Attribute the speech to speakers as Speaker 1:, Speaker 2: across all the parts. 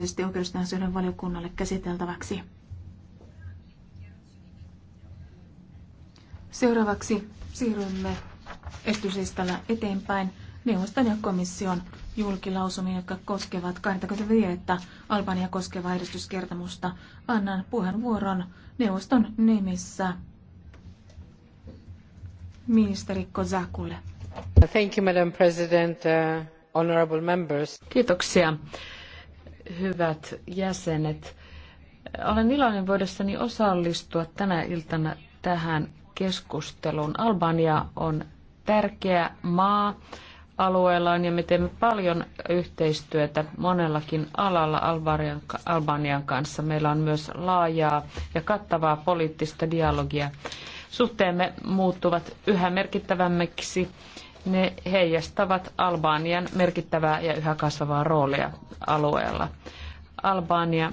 Speaker 1: erityisesti oikeustahansioiden valiokunnalle käsiteltäväksi. Seuraavaksi siirrymme esityslistalla eteenpäin neuvoston ja komission julkilausumiin, jotka koskevat 25. Albania koskevaa edistyskertomusta. Annan puheenvuoron neuvoston nimissä
Speaker 2: ministeri Kozakulle. Thank you, Madam President, uh, honorable members. Kiitoksia hyvät jäsenet. Olen iloinen voidessani osallistua tänä iltana tähän keskusteluun. Albania on tärkeä maa alueellaan ja me teemme paljon yhteistyötä monellakin alalla Albanian, kanssa. Meillä on myös laajaa ja kattavaa poliittista dialogia. Suhteemme muuttuvat yhä merkittävämmiksi ne heijastavat Albanian merkittävää ja yhä kasvavaa roolia alueella. Albania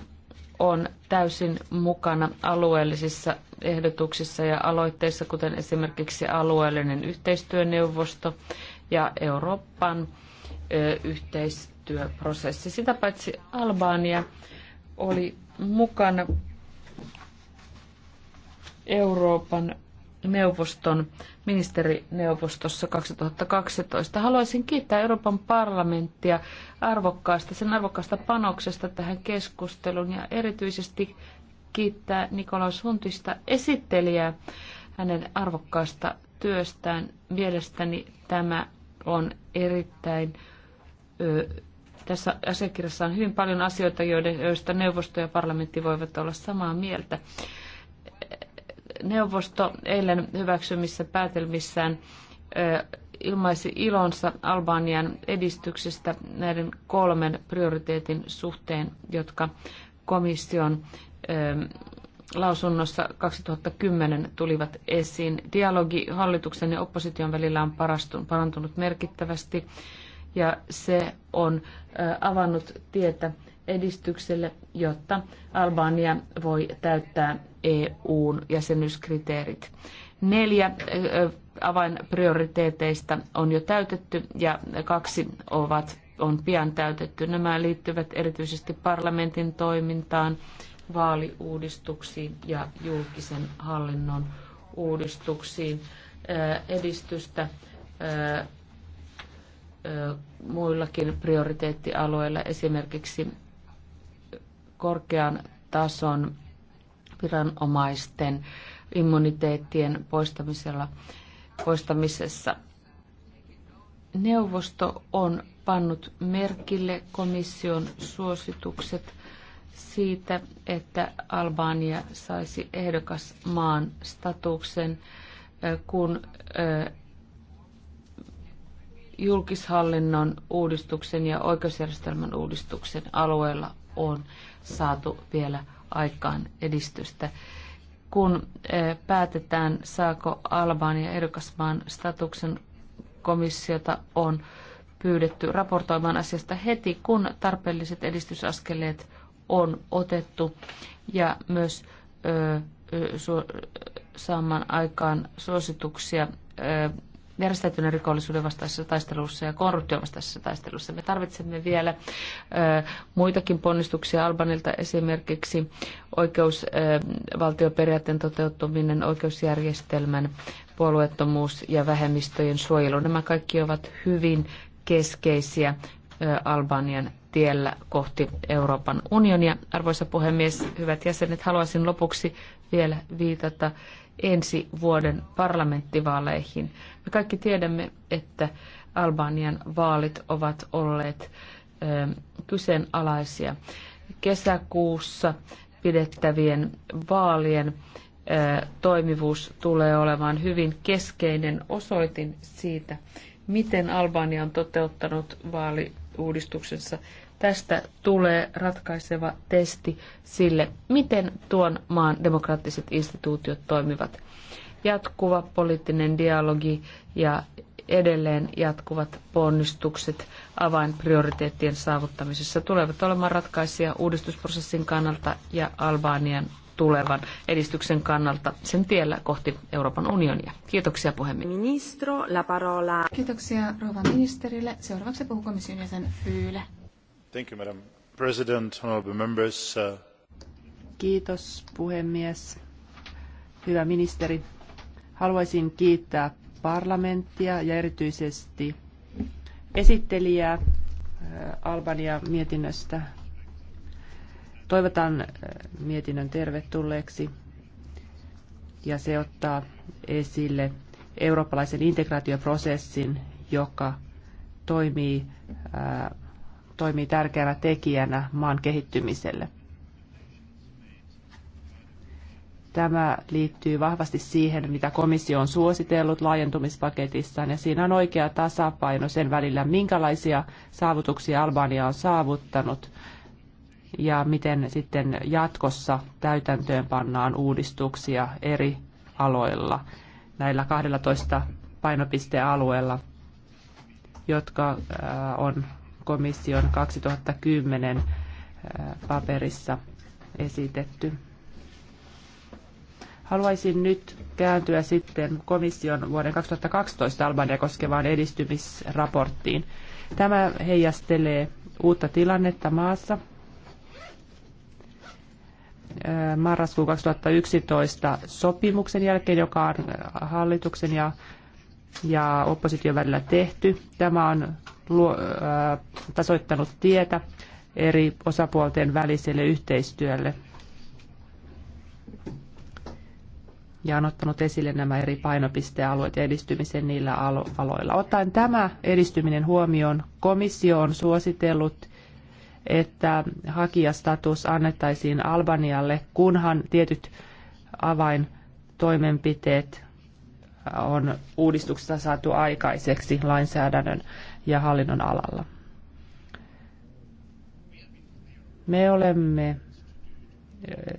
Speaker 2: on täysin mukana alueellisissa ehdotuksissa ja aloitteissa, kuten esimerkiksi alueellinen yhteistyöneuvosto ja Euroopan yhteistyöprosessi. Sitä paitsi Albania oli mukana Euroopan neuvoston ministerineuvostossa 2012. Haluaisin kiittää Euroopan parlamenttia arvokkaasta, sen arvokkaasta panoksesta tähän keskusteluun ja erityisesti kiittää Nikolaus Huntista esittelijää hänen arvokkaasta työstään. Mielestäni tämä on erittäin ö, tässä asiakirjassa on hyvin paljon asioita, joista neuvosto ja parlamentti voivat olla samaa mieltä. Neuvosto eilen hyväksymissä päätelmissään ilmaisi ilonsa Albanian edistyksestä näiden kolmen prioriteetin suhteen, jotka komission lausunnossa 2010 tulivat esiin. Dialogi hallituksen ja opposition välillä on parantunut merkittävästi ja se on avannut tietä edistykselle, jotta Albania voi täyttää EUn jäsenyyskriteerit. Neljä avainprioriteeteista on jo täytetty ja kaksi ovat, on pian täytetty. Nämä liittyvät erityisesti parlamentin toimintaan, vaaliuudistuksiin ja julkisen hallinnon uudistuksiin. Edistystä muillakin prioriteettialueilla, esimerkiksi korkean tason viranomaisten immuniteettien poistamisella, poistamisessa. Neuvosto on pannut merkille komission suositukset siitä, että Albania saisi maan statuksen, kun julkishallinnon uudistuksen ja oikeusjärjestelmän uudistuksen alueella on saatu vielä aikaan edistystä. Kun e, päätetään, saako Albania ehdokasmaan statuksen komissiota on pyydetty raportoimaan asiasta heti, kun tarpeelliset edistysaskeleet on otettu ja myös ö, e, e, saamaan aikaan suosituksia järjestäytyneen rikollisuuden vastaisessa taistelussa ja korruption vastaisessa taistelussa. Me tarvitsemme vielä ö, muitakin ponnistuksia Albanilta esimerkiksi oikeusvaltioperiaatteen toteuttaminen, oikeusjärjestelmän puolueettomuus ja vähemmistöjen suojelu. Nämä kaikki ovat hyvin keskeisiä Albanian tiellä kohti Euroopan unionia. Arvoisa puhemies, hyvät jäsenet, haluaisin lopuksi vielä viitata ensi vuoden parlamenttivaaleihin. Me kaikki tiedämme, että Albanian vaalit ovat olleet ö, kyseenalaisia. Kesäkuussa pidettävien vaalien ö, toimivuus tulee olemaan hyvin keskeinen osoitin siitä, miten Albania on toteuttanut vaaliuudistuksensa Tästä tulee ratkaiseva testi sille, miten tuon maan demokraattiset instituutiot toimivat. Jatkuva poliittinen dialogi ja edelleen jatkuvat ponnistukset avainprioriteettien saavuttamisessa tulevat olemaan ratkaisia uudistusprosessin kannalta ja Albanian tulevan edistyksen kannalta sen tiellä kohti Euroopan unionia. Kiitoksia puhemies. Ministro,
Speaker 1: la parola. Kiitoksia rouva
Speaker 3: ministerille. Seuraavaksi puhuu komission jäsen Fyyle.
Speaker 4: Madam President, members.
Speaker 3: Kiitos puhemies. Hyvä ministeri. Haluaisin kiittää parlamenttia ja erityisesti esittelijää äh, Albania mietinnöstä. Toivotan äh, mietinnön tervetulleeksi ja se ottaa esille eurooppalaisen integraatioprosessin, joka toimii äh, toimii tärkeänä tekijänä maan kehittymiselle. Tämä liittyy vahvasti siihen, mitä komissio on suositellut laajentumispaketissaan, ja siinä on oikea tasapaino sen välillä, minkälaisia saavutuksia Albania on saavuttanut ja miten sitten jatkossa täytäntöön pannaan uudistuksia eri aloilla näillä 12 painopistealueella, jotka on komission 2010 paperissa esitetty. Haluaisin nyt kääntyä sitten komission vuoden 2012 Albania koskevaan edistymisraporttiin. Tämä heijastelee uutta tilannetta maassa. Marraskuun 2011 sopimuksen jälkeen, joka on hallituksen ja, ja opposition välillä tehty. Tämä on luo, ää, tasoittanut tietä eri osapuolten väliselle yhteistyölle ja on ottanut esille nämä eri painopistealueet ja edistymisen niillä alo- aloilla. Ottaen tämä edistyminen huomioon, komissio on suositellut, että hakijastatus annettaisiin Albanialle, kunhan tietyt avaintoimenpiteet on uudistuksesta saatu aikaiseksi lainsäädännön ja hallinnon alalla. Me olemme eh,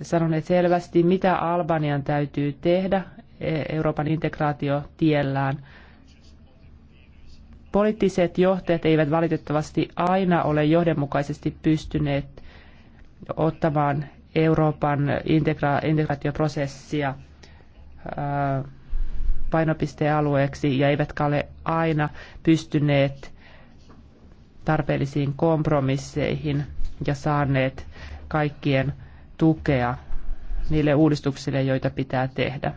Speaker 3: sanoneet selvästi, mitä Albanian täytyy tehdä eh, Euroopan integraatiotiellään. Poliittiset johtajat eivät valitettavasti aina ole johdonmukaisesti pystyneet ottamaan Euroopan integra- integraatioprosessia painopistealueeksi ja eivätkä ole aina pystyneet tarpeellisiin kompromisseihin ja saaneet kaikkien tukea niille uudistuksille, joita pitää tehdä.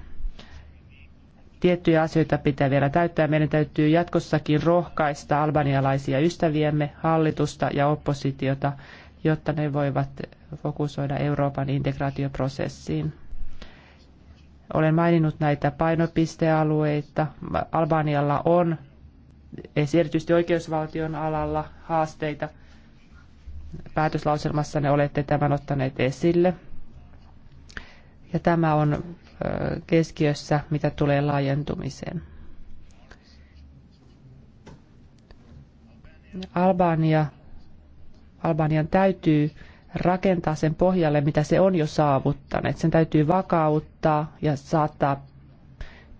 Speaker 3: Tiettyjä asioita pitää vielä täyttää. Meidän täytyy jatkossakin rohkaista albanialaisia ystäviämme, hallitusta ja oppositiota, jotta ne voivat fokusoida Euroopan integraatioprosessiin. Olen maininnut näitä painopistealueita. Albanialla on erityisesti oikeusvaltion alalla haasteita. Päätöslauselmassa ne olette tämän ottaneet esille. Ja tämä on keskiössä, mitä tulee laajentumiseen. Albania, Albanian täytyy rakentaa sen pohjalle, mitä se on jo saavuttanut. Sen täytyy vakauttaa ja saattaa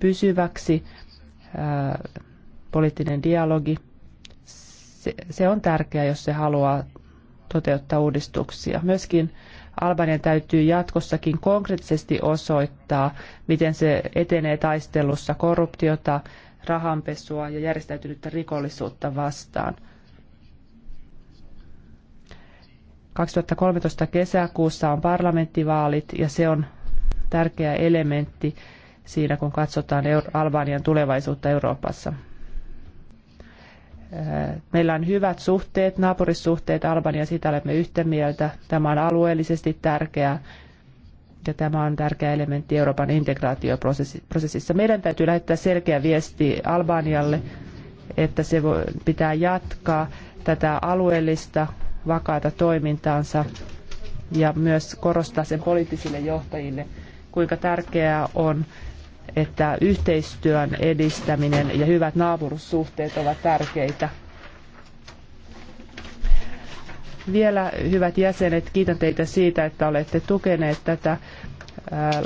Speaker 3: pysyväksi poliittinen dialogi, se, se on tärkeää, jos se haluaa toteuttaa uudistuksia. Myöskin Albanian täytyy jatkossakin konkreettisesti osoittaa, miten se etenee taistelussa korruptiota, rahanpesua ja järjestäytynyttä rikollisuutta vastaan. 2013 kesäkuussa on parlamenttivaalit ja se on tärkeä elementti siinä, kun katsotaan Albanian tulevaisuutta Euroopassa. Meillä on hyvät suhteet, naapurissuhteet Albania, sitä olemme yhtä mieltä. Tämä on alueellisesti tärkeää ja tämä on tärkeä elementti Euroopan integraatioprosessissa. Meidän täytyy lähettää selkeä viesti Albanialle, että se voi, pitää jatkaa tätä alueellista vakaata toimintaansa ja myös korostaa sen poliittisille johtajille, kuinka tärkeää on että yhteistyön edistäminen ja hyvät naapurussuhteet ovat tärkeitä. Vielä, hyvät jäsenet, kiitän teitä siitä, että olette tukeneet tätä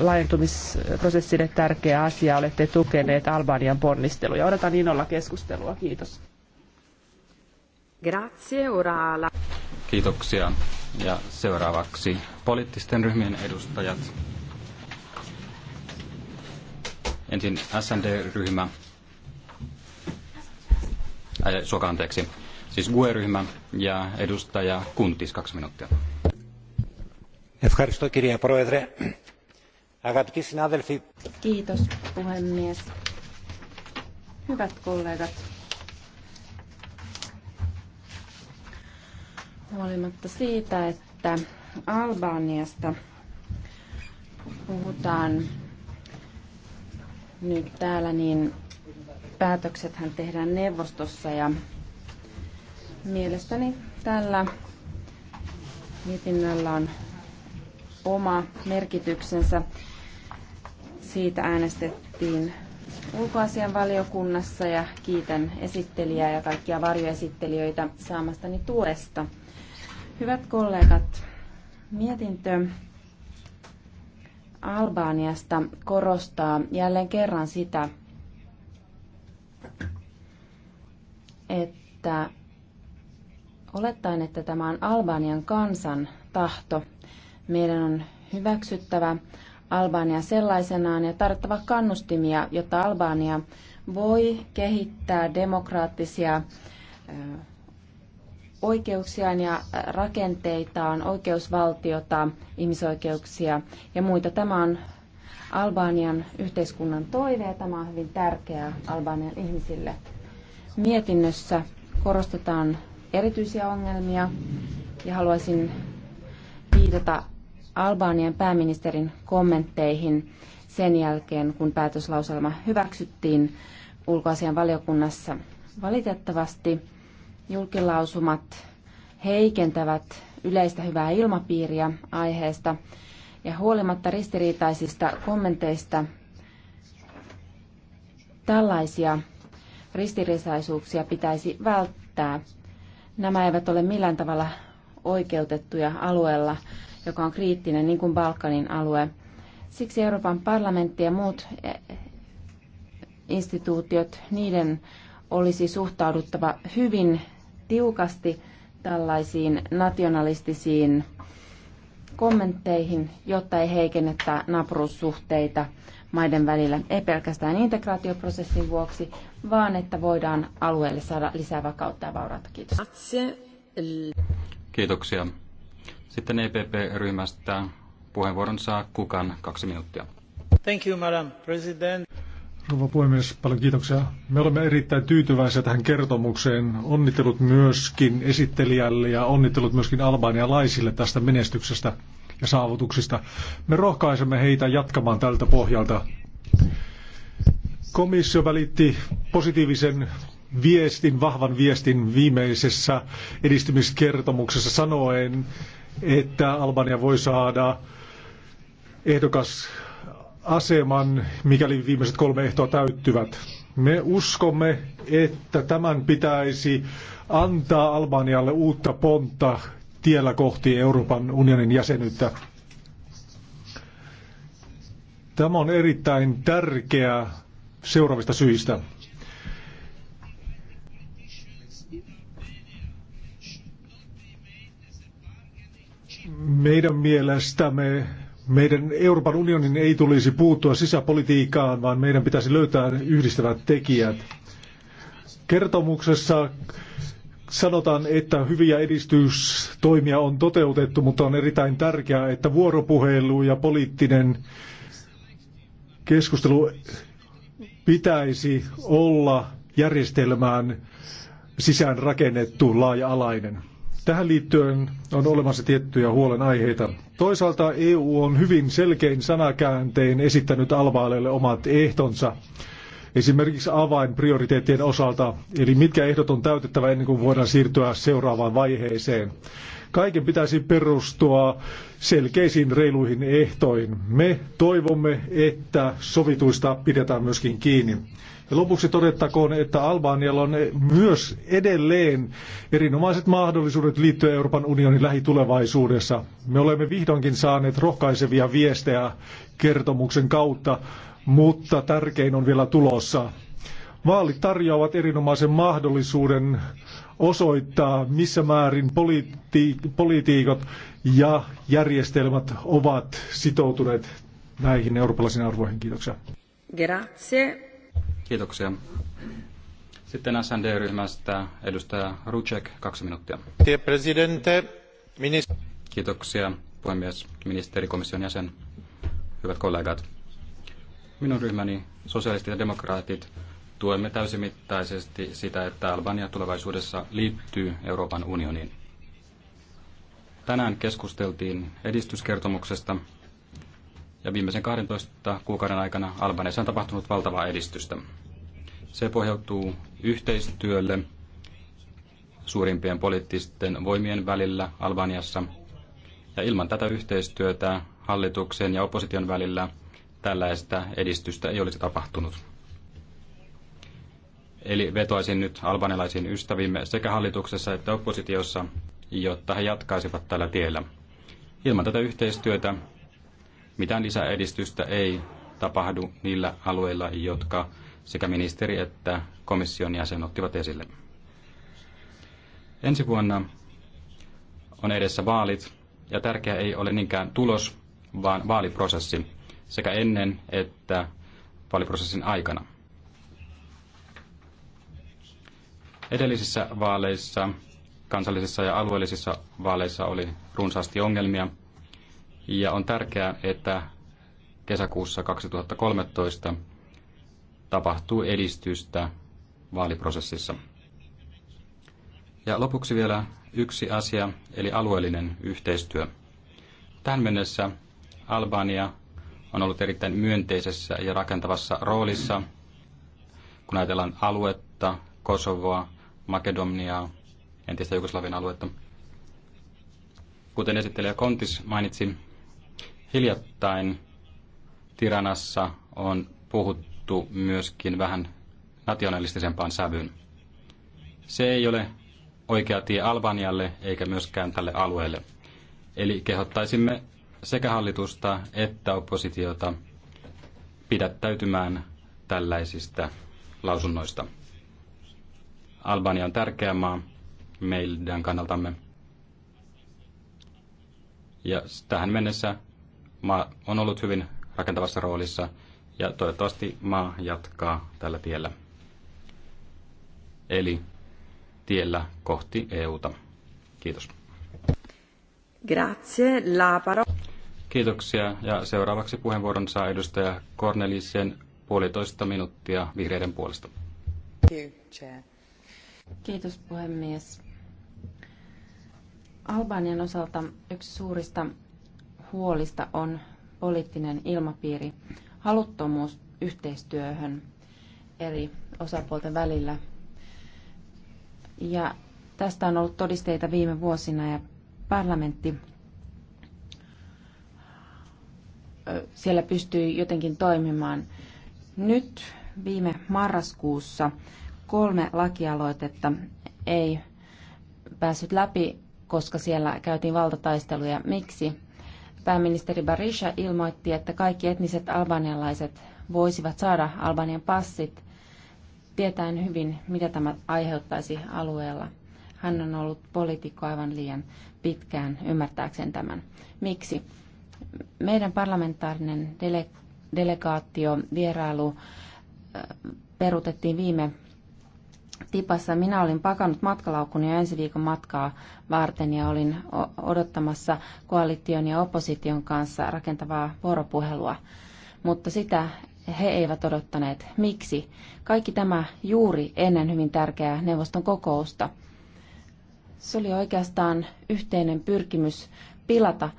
Speaker 3: laajentumisprosessille tärkeä asia. Olette tukeneet Albanian ponnisteluja. Odotan innolla keskustelua. Kiitos. Grazie,
Speaker 4: Kiitoksia. Ja seuraavaksi poliittisten ryhmien edustajat. Ensin SND-ryhmä, äh, suokaa anteeksi, siis GUE-ryhmä ja edustaja Kuntis, kaksi minuuttia. Kiitos
Speaker 1: puhemies. Hyvät kollegat, huolimatta siitä, että Albaniasta puhutaan nyt täällä, niin päätöksethän tehdään neuvostossa ja mielestäni tällä mietinnöllä on oma merkityksensä. Siitä äänestettiin ulkoasian valiokunnassa ja kiitän esittelijää ja kaikkia varjoesittelijöitä saamastani tuesta. Hyvät kollegat, mietintö Albaniasta korostaa jälleen kerran sitä, että olettaen, että tämä on Albanian kansan tahto, meidän on hyväksyttävä Albania sellaisenaan ja tarttava kannustimia, jotta Albania voi kehittää demokraattisia oikeuksiaan ja rakenteitaan, oikeusvaltiota, ihmisoikeuksia ja muita. Tämä on Albanian yhteiskunnan toive ja tämä on hyvin tärkeää Albanian ihmisille. Mietinnössä korostetaan erityisiä ongelmia ja haluaisin viitata Albanian pääministerin kommentteihin sen jälkeen, kun päätöslauselma hyväksyttiin ulkoasian valiokunnassa. Valitettavasti julkilausumat heikentävät yleistä hyvää ilmapiiriä aiheesta ja huolimatta ristiriitaisista kommenteista tällaisia ristiriitaisuuksia pitäisi välttää. Nämä eivät ole millään tavalla oikeutettuja alueella, joka on kriittinen, niin kuin Balkanin alue. Siksi Euroopan parlamentti ja muut eh, instituutiot, niiden olisi suhtauduttava hyvin tiukasti tällaisiin nationalistisiin kommentteihin, jotta ei heikennetä naapuruussuhteita maiden välillä, ei pelkästään integraatioprosessin vuoksi, vaan että voidaan alueelle saada lisää
Speaker 2: vakautta ja vaurautta. Kiitos.
Speaker 4: Kiitoksia. Sitten EPP-ryhmästä puheenvuoron saa Kukan kaksi minuuttia.
Speaker 2: Thank you, Madam President.
Speaker 5: Rouva puhemies, paljon kiitoksia. Me olemme erittäin tyytyväisiä tähän kertomukseen. Onnittelut myöskin esittelijälle ja onnittelut myöskin albanialaisille tästä menestyksestä ja saavutuksista. Me rohkaisemme heitä jatkamaan tältä pohjalta. Komissio välitti positiivisen viestin, vahvan viestin viimeisessä edistymiskertomuksessa sanoen, että Albania voi saada ehdokas aseman, mikäli viimeiset kolme ehtoa täyttyvät. Me uskomme, että tämän pitäisi antaa Albanialle uutta pontta tiellä kohti Euroopan unionin jäsenyyttä. Tämä on erittäin tärkeää seuraavista syistä. Meidän mielestämme meidän Euroopan unionin ei tulisi puuttua sisäpolitiikkaan, vaan meidän pitäisi löytää yhdistävät tekijät. Kertomuksessa sanotaan, että hyviä edistystoimia on toteutettu, mutta on erittäin tärkeää, että vuoropuhelu ja poliittinen keskustelu pitäisi olla järjestelmään sisään rakennettu laaja-alainen. Tähän liittyen on olemassa tiettyjä huolenaiheita. Toisaalta EU on hyvin selkein sanakääntein esittänyt albaaleille omat ehtonsa. Esimerkiksi avainprioriteettien osalta, eli mitkä ehdot on täytettävä ennen kuin voidaan siirtyä seuraavaan vaiheeseen. Kaiken pitäisi perustua selkeisiin reiluihin ehtoihin. Me toivomme, että sovituista pidetään myöskin kiinni lopuksi todettakoon, että Albanialla on myös edelleen erinomaiset mahdollisuudet liittyä Euroopan unionin lähitulevaisuudessa. Me olemme vihdoinkin saaneet rohkaisevia viestejä kertomuksen kautta, mutta tärkein on vielä tulossa. Vaalit tarjoavat erinomaisen mahdollisuuden osoittaa, missä määrin politi- politiikot ja järjestelmät ovat sitoutuneet näihin eurooppalaisiin arvoihin. Kiitoksia. Grazie.
Speaker 4: Kiitoksia. Sitten SND-ryhmästä edustaja Rucek, kaksi minuuttia. Kiitoksia, puhemies, ministeri, komission jäsen, hyvät kollegat. Minun ryhmäni, sosialistit ja demokraatit, tuemme täysimittaisesti sitä, että Albania tulevaisuudessa liittyy Euroopan unioniin. Tänään keskusteltiin edistyskertomuksesta ja viimeisen 12 kuukauden aikana Albaniassa on tapahtunut valtavaa edistystä. Se pohjautuu yhteistyölle suurimpien poliittisten voimien välillä Albaniassa. Ja ilman tätä yhteistyötä hallituksen ja opposition välillä tällaista edistystä ei olisi tapahtunut. Eli vetoaisin nyt albanilaisiin ystäviimme sekä hallituksessa että oppositiossa, jotta he jatkaisivat tällä tiellä. Ilman tätä yhteistyötä mitään lisäedistystä ei tapahdu niillä alueilla, jotka sekä ministeri että komission jäsen ottivat esille. Ensi vuonna on edessä vaalit, ja tärkeä ei ole niinkään tulos, vaan vaaliprosessi, sekä ennen että vaaliprosessin aikana. Edellisissä vaaleissa, kansallisissa ja alueellisissa vaaleissa oli runsaasti ongelmia, ja on tärkeää, että kesäkuussa 2013 tapahtuu edistystä vaaliprosessissa. Ja lopuksi vielä yksi asia, eli alueellinen yhteistyö. Tähän mennessä Albania on ollut erittäin myönteisessä ja rakentavassa roolissa, kun ajatellaan aluetta, Kosovoa, Makedoniaa, entistä Jugoslavian aluetta. Kuten esittelijä Kontis mainitsi, hiljattain Tiranassa on puhuttu muutettu myöskin vähän nationalistisempaan sävyyn. Se ei ole oikea tie Albanialle eikä myöskään tälle alueelle. Eli kehottaisimme sekä hallitusta että oppositiota pidättäytymään tällaisista lausunnoista. Albania on tärkeä maa meidän kannaltamme. Ja tähän mennessä maa on ollut hyvin rakentavassa roolissa ja toivottavasti maa jatkaa tällä tiellä. Eli tiellä kohti EUta. Kiitos.
Speaker 3: Grazie, la paro.
Speaker 4: Kiitoksia ja seuraavaksi puheenvuoron saa edustaja Cornelisen puolitoista minuuttia vihreiden puolesta.
Speaker 1: Kiitos puhemies. Albanian osalta yksi suurista huolista on poliittinen ilmapiiri haluttomuus yhteistyöhön eri osapuolten välillä. Ja tästä on ollut todisteita viime vuosina ja parlamentti siellä pystyi jotenkin toimimaan. Nyt viime marraskuussa kolme lakialoitetta ei päässyt läpi, koska siellä käytiin valtataisteluja. Miksi? Pääministeri Barisha ilmoitti, että kaikki etniset albanialaiset voisivat saada Albanian passit, tietäen hyvin, mitä tämä aiheuttaisi alueella. Hän on ollut poliitikko aivan liian pitkään ymmärtääkseen tämän. Miksi? Meidän parlamentaarinen dele- delegaatio vierailu peruutettiin viime Tipassa minä olin pakannut matkalaukun jo ensi viikon matkaa varten ja olin odottamassa koalition ja opposition kanssa rakentavaa vuoropuhelua, mutta sitä he eivät odottaneet. Miksi? Kaikki tämä juuri ennen hyvin tärkeää neuvoston kokousta. Se oli oikeastaan yhteinen pyrkimys pilata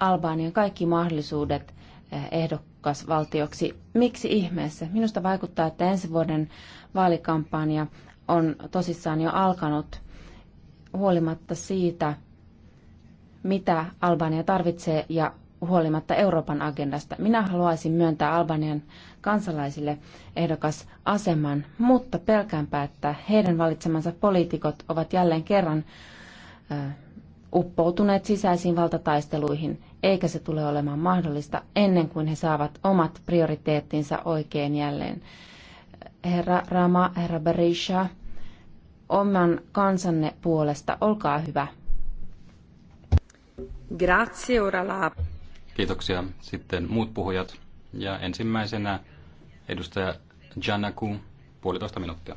Speaker 1: Albanian kaikki mahdollisuudet eh, ehdokkaan ehdokasvaltioksi. Miksi ihmeessä? Minusta vaikuttaa, että ensi vuoden vaalikampanja on tosissaan jo alkanut huolimatta siitä, mitä Albania tarvitsee ja huolimatta Euroopan agendasta. Minä haluaisin myöntää Albanian kansalaisille ehdokas aseman, mutta pelkäänpä, että heidän valitsemansa poliitikot ovat jälleen kerran uppoutuneet sisäisiin valtataisteluihin eikä se tule olemaan mahdollista ennen kuin he saavat omat prioriteettinsa oikein jälleen. Herra Rama, herra Berisha, oman kansanne puolesta, olkaa hyvä. Grazie, Urala.
Speaker 4: Kiitoksia. Sitten muut puhujat. Ja ensimmäisenä edustaja Janaku, puolitoista minuuttia.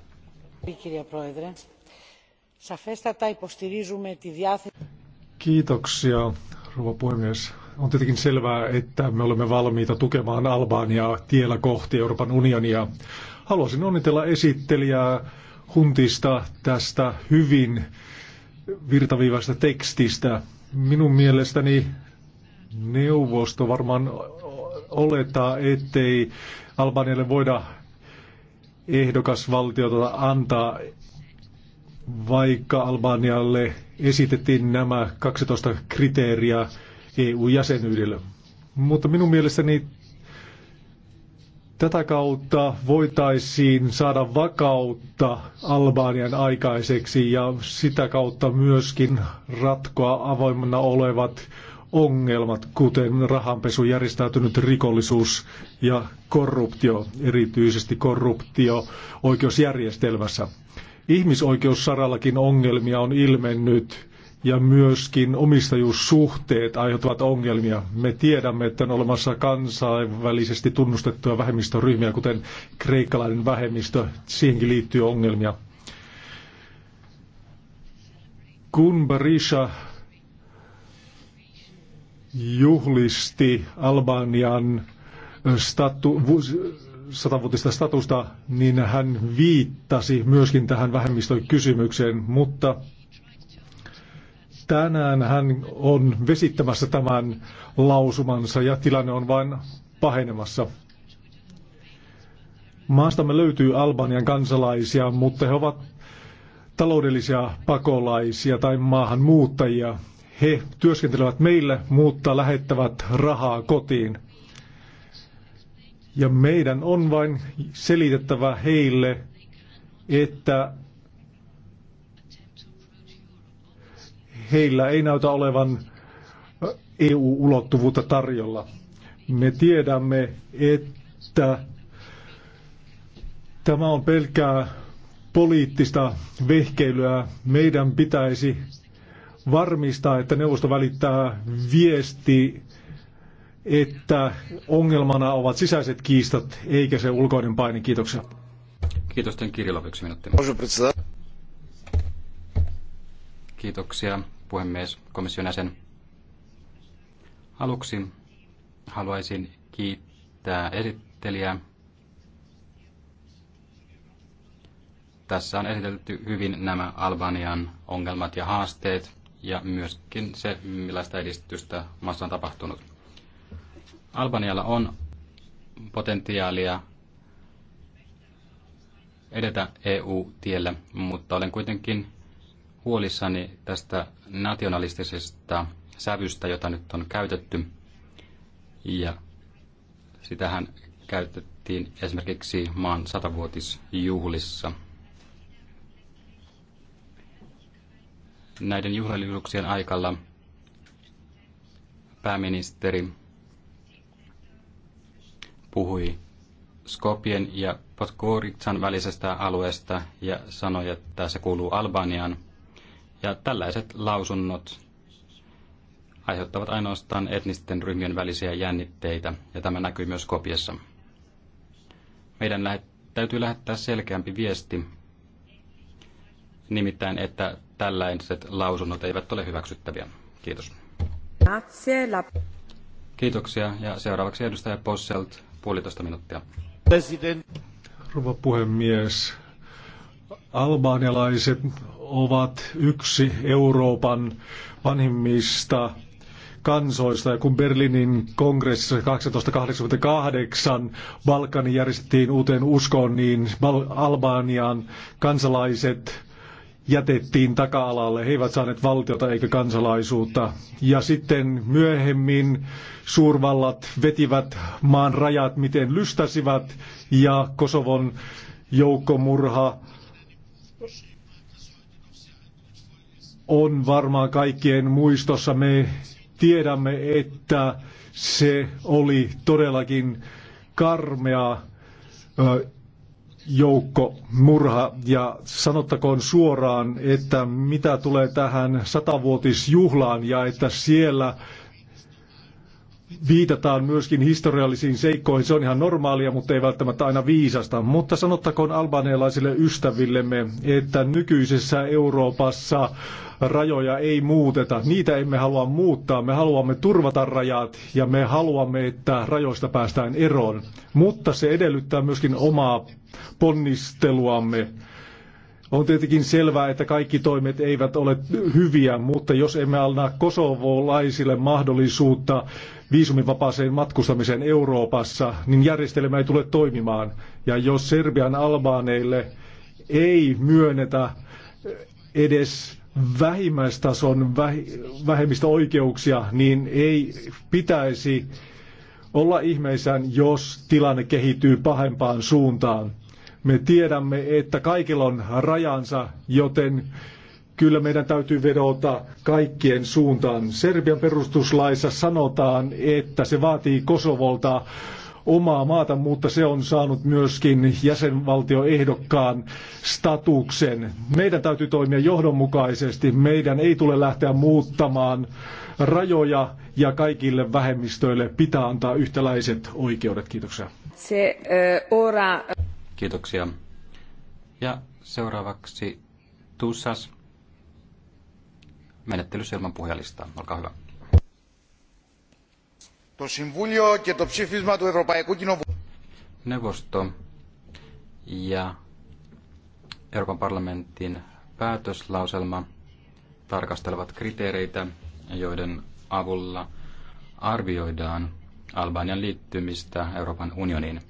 Speaker 5: Kiitoksia, rouva puhemies. On tietenkin selvää, että me olemme valmiita tukemaan Albaniaa tiellä kohti Euroopan unionia. Haluaisin onnitella esittelijää Huntista tästä hyvin virtaviivaista tekstistä. Minun mielestäni neuvosto varmaan olettaa, ettei Albanialle voida ehdokasvaltiota antaa, vaikka Albanialle esitettiin nämä 12 kriteeriä EU-jäsenyydellä. Mutta minun mielestäni tätä kautta voitaisiin saada vakautta Albanian aikaiseksi ja sitä kautta myöskin ratkoa avoimena olevat ongelmat, kuten rahanpesu, järjestäytynyt rikollisuus ja korruptio, erityisesti korruptio oikeusjärjestelmässä. Ihmisoikeussarallakin ongelmia on ilmennyt ja myöskin omistajuussuhteet aiheuttavat ongelmia. Me tiedämme, että on olemassa kansainvälisesti tunnustettuja vähemmistöryhmiä, kuten kreikkalainen vähemmistö. Siihenkin liittyy ongelmia. Kun Barisha juhlisti Albanian statu, satavuotista statusta, niin hän viittasi myöskin tähän vähemmistökysymykseen, mutta Tänään hän on vesittämässä tämän lausumansa ja tilanne on vain pahenemassa. Maastamme löytyy Albanian kansalaisia, mutta he ovat taloudellisia pakolaisia tai maahanmuuttajia. He työskentelevät meille, mutta lähettävät rahaa kotiin. Ja meidän on vain selitettävä heille, että heillä ei näytä olevan EU-ulottuvuutta tarjolla. Me tiedämme, että tämä on pelkkää poliittista vehkeilyä. Meidän pitäisi varmistaa, että neuvosto välittää viesti, että ongelmana ovat sisäiset kiistat eikä se ulkoinen paine. Kiitoksia.
Speaker 4: Kiitos, Kirilov yksi minuutti. Kiitoksia puhemies, komission jäsen. Aluksi haluaisin kiittää esittelijää. Tässä on esitelty hyvin nämä Albanian ongelmat ja haasteet ja myöskin se, millaista edistystä maassa on tapahtunut. Albanialla on potentiaalia edetä EU-tiellä, mutta olen kuitenkin huolissani tästä nationalistisesta sävystä, jota nyt on käytetty. Ja sitähän käytettiin esimerkiksi maan satavuotisjuhlissa. Näiden juhlallisuuksien aikalla pääministeri puhui Skopien ja Podgorican välisestä alueesta ja sanoi, että se kuuluu Albaniaan – ja tällaiset lausunnot aiheuttavat ainoastaan etnisten ryhmien välisiä jännitteitä, ja tämä näkyy myös Kopiassa. Meidän lähet- täytyy lähettää selkeämpi viesti, nimittäin että tällaiset lausunnot eivät ole hyväksyttäviä. Kiitos. Kiitoksia, ja seuraavaksi edustaja Posselt, puolitoista minuuttia.
Speaker 5: President. Rouva puhemies, Albanialaiset ovat yksi Euroopan vanhimmista kansoista. Ja kun Berliinin kongressissa 1288 Balkani järjestettiin uuteen uskoon, niin Albanian kansalaiset jätettiin taka-alalle. He eivät saaneet valtiota eikä kansalaisuutta. Ja sitten myöhemmin suurvallat vetivät maan rajat, miten lystäsivät, ja Kosovon joukkomurha on varmaan kaikkien muistossa. Me tiedämme, että se oli todellakin karmea joukko murha ja sanottakoon suoraan, että mitä tulee tähän satavuotisjuhlaan ja että siellä viitataan myöskin historiallisiin seikkoihin. Se on ihan normaalia, mutta ei välttämättä aina viisasta. Mutta sanottakoon albanialaisille ystävillemme, että nykyisessä Euroopassa rajoja ei muuteta. Niitä emme halua muuttaa. Me haluamme turvata rajat ja me haluamme, että rajoista päästään eroon. Mutta se edellyttää myöskin omaa ponnisteluamme. On tietenkin selvää, että kaikki toimet eivät ole hyviä, mutta jos emme anna kosovolaisille mahdollisuutta viisumivapaaseen matkustamiseen Euroopassa, niin järjestelmä ei tule toimimaan. Ja jos Serbian albaaneille ei myönnetä edes vähimmäistason vähemmistöoikeuksia, niin ei pitäisi olla ihmeissään, jos tilanne kehittyy pahempaan suuntaan. Me tiedämme, että kaikilla on rajansa, joten Kyllä meidän täytyy vedota kaikkien suuntaan. Serbian perustuslaissa sanotaan, että se vaatii Kosovolta omaa maata, mutta se on saanut myöskin jäsenvaltioehdokkaan statuksen. Meidän täytyy toimia johdonmukaisesti. Meidän ei tule lähteä muuttamaan rajoja ja kaikille vähemmistöille pitää antaa yhtäläiset oikeudet. Kiitoksia.
Speaker 2: Se, uh, ora...
Speaker 5: Kiitoksia. Ja seuraavaksi Tussas
Speaker 4: menettelyssä ilman puhujalistaa. Olkaa hyvä. Το Συμβούλιο και το ψήφισμα του Ευρωπαϊκού Κοινοβουλίου. Neuvosto ja Euroopan parlamentin päätöslauselma tarkastelevat kriteereitä, joiden avulla arvioidaan Albanian liittymistä Euroopan unioniin.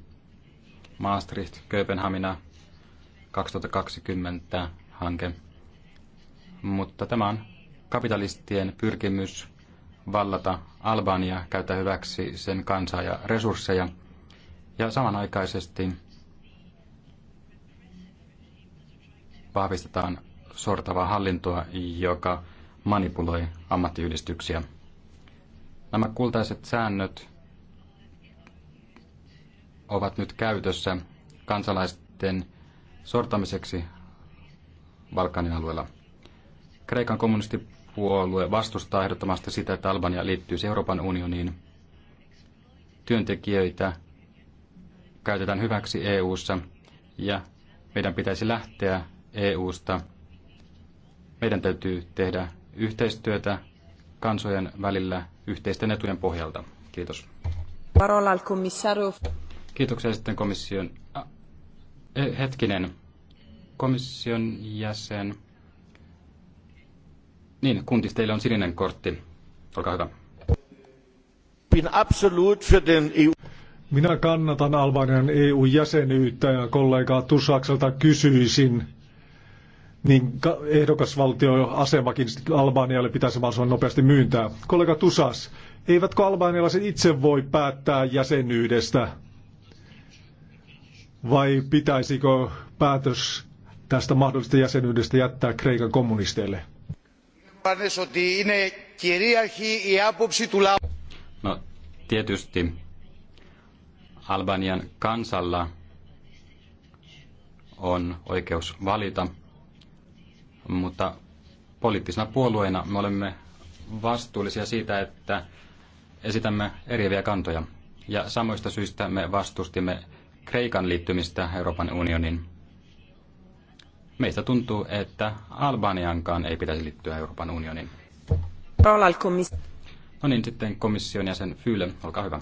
Speaker 4: Maastricht, Kööpenhamina 2020 hanke. Mutta tämä on kapitalistien pyrkimys vallata Albania, käyttää hyväksi sen kansaa ja resursseja. Ja samanaikaisesti vahvistetaan sortavaa hallintoa, joka manipuloi ammattiyhdistyksiä. Nämä kultaiset säännöt ovat nyt käytössä kansalaisten sortamiseksi Balkanin alueella. Kreikan kommunisti puolue vastustaa ehdottomasti sitä, että Albania liittyisi Euroopan unioniin. Työntekijöitä käytetään hyväksi EU:ssa ja meidän pitäisi lähteä EU:sta. Meidän täytyy tehdä yhteistyötä kansojen välillä yhteisten etujen pohjalta. Kiitos.
Speaker 1: Parola al commissario.
Speaker 4: Kiitoksia sitten komission... Äh, hetkinen. Komission jäsen. Niin, kuntis teillä on sininen kortti. Olkaa hyvä.
Speaker 5: Bin absolut für den EU. Minä kannatan Albanian EU-jäsenyyttä ja kollega Tusakselta kysyisin, niin ehdokasvaltioasemakin Albanialle pitäisi mahdollisimman nopeasti myyntää. Kollega Tusas, eivätkö albanialaiset itse voi päättää jäsenyydestä? Vai pitäisikö päätös tästä mahdollisesta jäsenyydestä jättää Kreikan kommunisteille?
Speaker 4: ότι είναι κυρίαρχη η άποψη του λαού. No, tietysti Albanian kansalla on oikeus valita, mutta poliittisena puolueena me olemme vastuullisia siitä, että esitämme eriäviä kantoja. Ja samoista syistä me vastustimme Kreikan liittymistä Euroopan unioniin. Meistä tuntuu, että Albaniankaan ei pitäisi liittyä Euroopan unioniin. No niin, sitten komission jäsen Fyle, olkaa hyvä.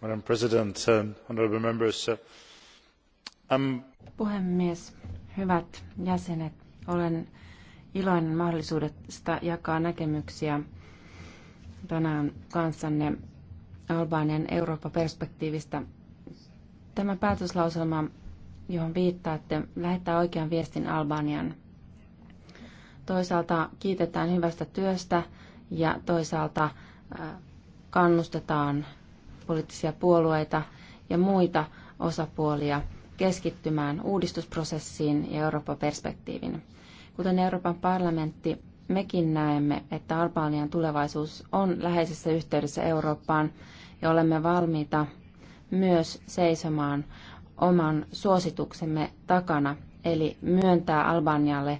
Speaker 4: Madam President, uh, honorable members, uh, I'm...
Speaker 1: Puhemies, hyvät jäsenet, olen iloinen mahdollisuudesta jakaa näkemyksiä tänään kanssanne Albanian Eurooppa-perspektiivistä Tämä päätöslauselma, johon viittaatte, lähettää oikean viestin Albanian. Toisaalta kiitetään hyvästä työstä ja toisaalta kannustetaan poliittisia puolueita ja muita osapuolia keskittymään uudistusprosessiin ja Eurooppa-perspektiivin. Kuten Euroopan parlamentti, mekin näemme, että Albanian tulevaisuus on läheisessä yhteydessä Eurooppaan ja olemme valmiita myös seisomaan oman suosituksemme takana, eli myöntää Albanialle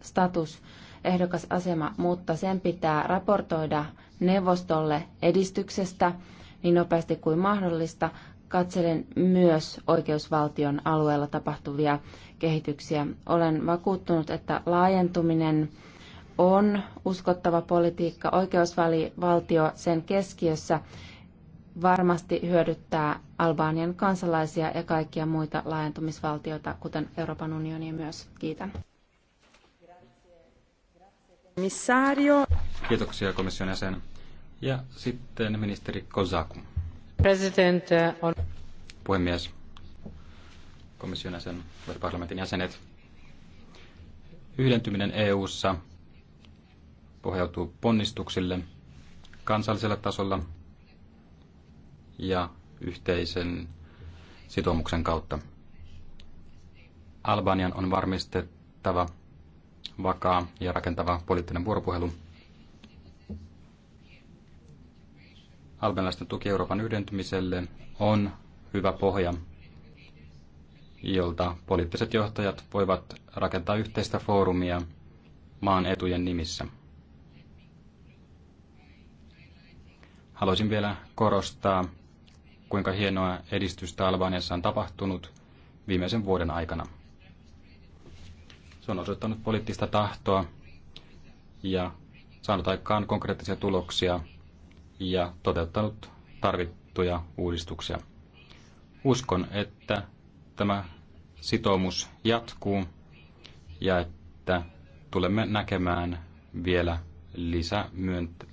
Speaker 1: status, ehdokas asema, mutta sen pitää raportoida neuvostolle edistyksestä niin nopeasti kuin mahdollista. Katselen myös oikeusvaltion alueella tapahtuvia kehityksiä. Olen vakuuttunut, että laajentuminen on uskottava politiikka, oikeusvaltio sen keskiössä varmasti hyödyttää Albanian kansalaisia ja kaikkia muita laajentumisvaltioita, kuten Euroopan unionia myös. Kiitän.
Speaker 4: Kiitoksia komission jäsen. Ja sitten ministeri Kozaku.
Speaker 2: President eh, on...
Speaker 4: Puhemies, komission jäsen, parlamentin jäsenet. Yhdentyminen EU:ssa pohjautuu ponnistuksille kansallisella tasolla ja yhteisen sitoumuksen kautta. Albanian on varmistettava vakaa ja rakentava poliittinen vuoropuhelu. Albanialaisten tuki Euroopan yhdentymiselle on hyvä pohja, jolta poliittiset johtajat voivat rakentaa yhteistä foorumia maan etujen nimissä. Haluaisin vielä korostaa kuinka hienoa edistystä Albaniassa on tapahtunut viimeisen vuoden aikana. Se on osoittanut poliittista tahtoa ja saanut aikaan konkreettisia tuloksia ja toteuttanut tarvittuja uudistuksia. Uskon, että tämä sitoumus jatkuu ja että tulemme näkemään vielä lisä,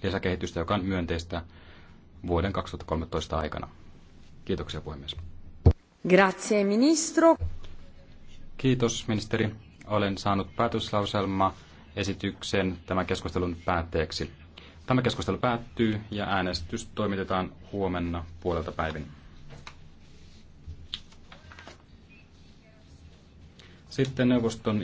Speaker 4: lisäkehitystä, joka on myönteistä vuoden 2013 aikana. Kiitoksia puhemies.
Speaker 2: Grazie ministro.
Speaker 4: Kiitos ministeri. Olen saanut päätöslauselma esityksen tämän keskustelun päätteeksi. Tämä keskustelu päättyy ja äänestys toimitetaan huomenna puolelta päivin. Sitten neuvoston